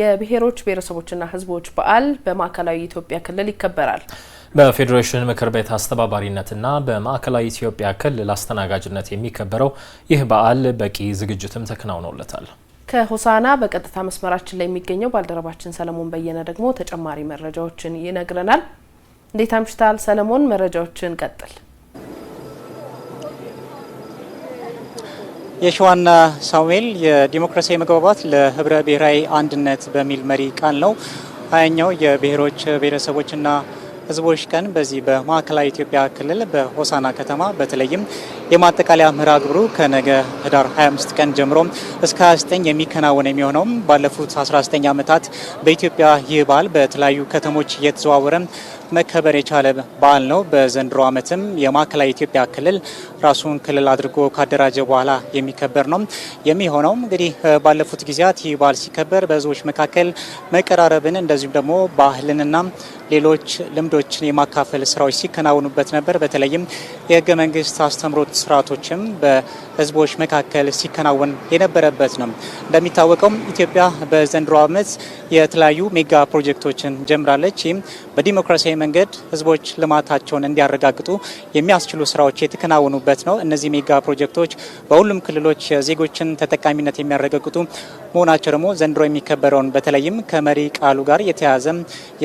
የብሔሮች ብሔረሰቦችና ህዝቦች በዓል በማዕከላዊ ኢትዮጵያ ክልል ይከበራል። በፌዴሬሽን ምክር ቤት አስተባባሪነትና በማዕከላዊ ኢትዮጵያ ክልል አስተናጋጅነት የሚከበረው ይህ በዓል በቂ ዝግጅትም ተከናውኖለታል። ከሆሳና በቀጥታ መስመራችን ላይ የሚገኘው ባልደረባችን ሰለሞን በየነ ደግሞ ተጨማሪ መረጃዎችን ይነግረናል። እንዴት አምሽታል ሰለሞን? መረጃዎችን ቀጥል የሸዋና ሳሙኤል የዲሞክራሲያዊ መግባባት ለህብረ ብሔራዊ አንድነት በሚል መሪ ቃል ነው ሀያኛው የብሔሮች ብሔረሰቦችና ህዝቦች ቀን በዚህ በማዕከላዊ ኢትዮጵያ ክልል በሆሳና ከተማ በተለይም የማጠቃለያ መርሃ ግብሩ ከነገ ህዳር 25 ቀን ጀምሮ እስከ 29 የሚከናወን የሚሆነውም ባለፉት 19 ዓመታት በኢትዮጵያ ይህ በዓል በተለያዩ ከተሞች እየተዘዋወረ መከበር የቻለ በዓል ነው። በዘንድሮ ዓመትም የማዕከላዊ ኢትዮጵያ ክልል ራሱን ክልል አድርጎ ካደራጀ በኋላ የሚከበር ነው የሚሆነውም። እንግዲህ ባለፉት ጊዜያት ይህ በዓል ሲከበር በህዝቦች መካከል መቀራረብን እንደዚሁም ደግሞ ባህልንና ሌሎች ልምዶችን የማካፈል ስራዎች ሲከናወኑበት ነበር። በተለይም የህገ መንግስት አስተምሮት ስርዓቶችም በህዝቦች መካከል ሲከናወን የነበረበት ነው። እንደሚታወቀውም ኢትዮጵያ በዘንድሮ ዓመት የተለያዩ ሜጋ ፕሮጀክቶችን ጀምራለች። ይህም በዲሞክራሲያዊ መንገድ ህዝቦች ልማታቸውን እንዲያረጋግጡ የሚያስችሉ ስራዎች የተከናወኑበት ነው። እነዚህ ሜጋ ፕሮጀክቶች በሁሉም ክልሎች የዜጎችን ተጠቃሚነት የሚያረጋግጡ መሆናቸው ደግሞ ዘንድሮ የሚከበረውን በተለይም ከመሪ ቃሉ ጋር የተያያዘ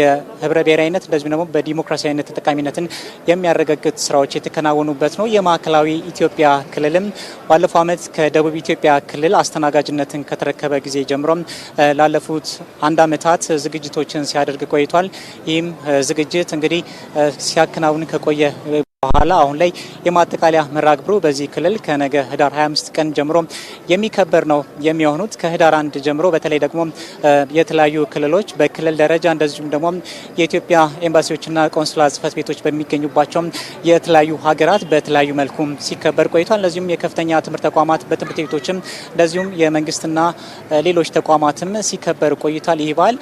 የህብረ በብሔራዊነት እንደዚሁም ደግሞ በዲሞክራሲያዊነት ተጠቃሚነትን የሚያረጋግጥ ስራዎች የተከናወኑበት ነው። የማዕከላዊ ኢትዮጵያ ክልልም ባለፈው ዓመት ከደቡብ ኢትዮጵያ ክልል አስተናጋጅነትን ከተረከበ ጊዜ ጀምሮ ላለፉት አንድ ዓመታት ዝግጅቶችን ሲያደርግ ቆይቷል። ይህም ዝግጅት እንግዲህ ሲያከናውን ከቆየ በኋላ አሁን ላይ የማጠቃለያ መርሃ ግብሩ በዚህ ክልል ከነገ ህዳር 25 ቀን ጀምሮ የሚከበር ነው የሚሆኑት። ከህዳር አንድ ጀምሮ በተለይ ደግሞ የተለያዩ ክልሎች በክልል ደረጃ እንደዚሁም ደግሞ የኢትዮጵያ ኤምባሲዎችና ቆንስላ ጽህፈት ቤቶች በሚገኙባቸው የተለያዩ ሀገራት በተለያዩ መልኩ ሲከበር ቆይቷል። እንደዚሁም የከፍተኛ ትምህርት ተቋማት በትምህርት ቤቶችም እንደዚሁም የመንግስትና ሌሎች ተቋማትም ሲከበር ቆይቷል። ይህ በዓል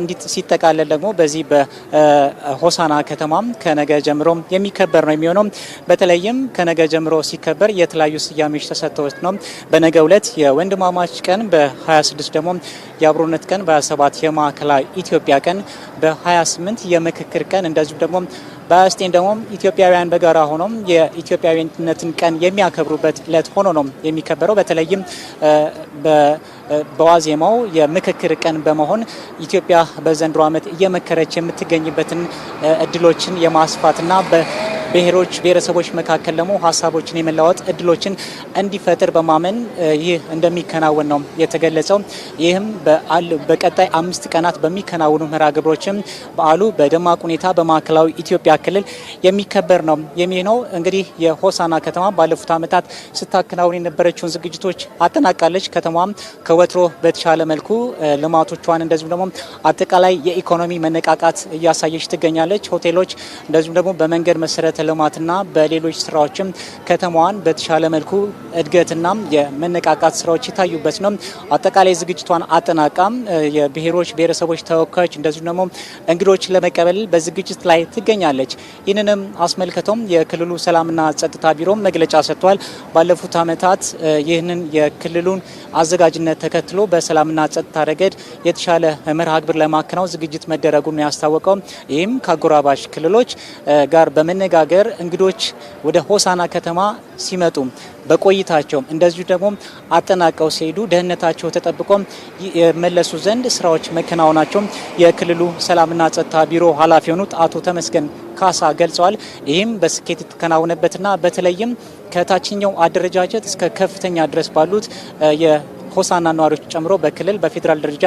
እንዲት ሲጠቃለል ደግሞ በዚህ በሆሳና ከተማም ከነገ ጀምሮ የሚከበር ነው የሚሆነው። በተለይም ከነገ ጀምሮ ሲከበር የተለያዩ ስያሜዎች ተሰጥተውት ነው። በነገ ዕለት የወንድማማች ቀን፣ በ26 ደግሞ የአብሮነት ቀን፣ በ27 የማዕከላዊ ኢትዮጵያ ቀን፣ በ28 የምክክር ቀን እንደዚሁም ደግሞ በአስቴን ደግሞ ኢትዮጵያውያን በጋራ ሆኖ የኢትዮጵያዊነትን ቀን የሚያከብሩበት ለት ሆኖ ነው የሚከበረው። በተለይም በዋዜማው የምክክር ቀን በመሆን ኢትዮጵያ በዘንድሮ ዓመት እየመከረች የምትገኝበትን እድሎችን የማስፋትና ብሔሮች፣ ብሔረሰቦች መካከል ደግሞ ሀሳቦችን የመለዋወጥ እድሎችን እንዲፈጥር በማመን ይህ እንደሚከናወን ነው የተገለጸው። ይህም በቀጣይ አምስት ቀናት በሚከናወኑ መርሃ ግብሮችም በዓሉ በደማቅ ሁኔታ በማዕከላዊ ኢትዮጵያ ክልል የሚከበር ነው የሚሆነው። እንግዲህ የሆሳና ከተማ ባለፉት ዓመታት ስታከናውን የነበረችውን ዝግጅቶች አጠናቃለች። ከተማም ከወትሮ በተሻለ መልኩ ልማቶቿን እንደዚሁም ደግሞ አጠቃላይ የኢኮኖሚ መነቃቃት እያሳየች ትገኛለች። ሆቴሎች እንደዚሁም ደግሞ በመንገድ መሰረት መሰረተ ልማትና በሌሎች ስራዎችም ከተማዋን በተሻለ መልኩ እድገትና የመነቃቃት ስራዎች የታዩበት ነው። አጠቃላይ ዝግጅቷን አጠናቃም የብሔሮች ብሔረሰቦች ተወካዮች እንደዚሁ ደግሞ እንግዶችን ለመቀበል በዝግጅት ላይ ትገኛለች። ይህንንም አስመልክቶም የክልሉ ሰላምና ጸጥታ ቢሮ መግለጫ ሰጥቷል። ባለፉት ዓመታት ይህንን የክልሉን አዘጋጅነት ተከትሎ በሰላምና ጸጥታ ረገድ የተሻለ መርሃ ግብር ለማከናወን ዝግጅት መደረጉን ያስታወቀው ይህም ከአጎራባሽ ክልሎች ጋር በመነጋገር ሀገር እንግዶች ወደ ሆሳና ከተማ ሲመጡ በቆይታቸው እንደዚሁ ደግሞ አጠናቀው ሲሄዱ ደህንነታቸው ተጠብቆ የመለሱ ዘንድ ስራዎች መከናወናቸው የክልሉ ሰላምና ጸጥታ ቢሮ ኃላፊ የሆኑት አቶ ተመስገን ካሳ ገልጸዋል። ይህም በስኬት የተከናወነበትና በተለይም ከታችኛው አደረጃጀት እስከ ከፍተኛ ድረስ ባሉት ሆሳና ነዋሪዎች ጨምሮ በክልል በፌዴራል ደረጃ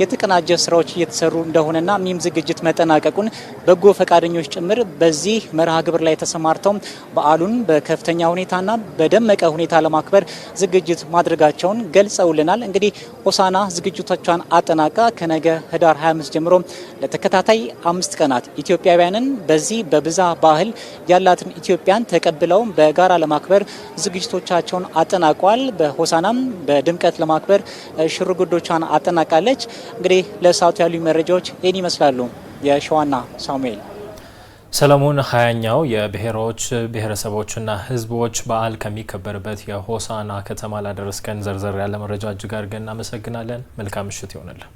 የተቀናጀ ስራዎች እየተሰሩ እንደሆነና ሚም ዝግጅት መጠናቀቁን በጎ ፈቃደኞች ጭምር በዚህ መርሃ ግብር ላይ ተሰማርተው በዓሉን በከፍተኛ ሁኔታና በደመቀ ሁኔታ ለማክበር ዝግጅት ማድረጋቸውን ገልጸውልናል። እንግዲህ ሆሳና ዝግጅቶቿን አጠናቃ ከነገ ህዳር 25 ጀምሮ ለተከታታይ አምስት ቀናት ኢትዮጵያውያንን በዚህ በብዛ ባህል ያላትን ኢትዮጵያን ተቀብለው በጋራ ለማክበር ዝግጅቶቻቸውን አጠናቋል። በሆሳናም በድምቀት በማክበር ጉዶቿን አጠናቃለች። እንግዲህ ለሰዓቱ ያሉ መረጃዎች ይህን ይመስላሉ። የሸዋና ሳሙኤል ሰለሞን ሀያኛው የብሔሮች ብሔረሰቦችና ሕዝቦች በዓል ከሚከበርበት የሆሳና ከተማ ላደረስከን ዘርዘር ያለ መረጃ እጅግ አድርገን እናመሰግናለን። መልካም ምሽት ይሆንልን።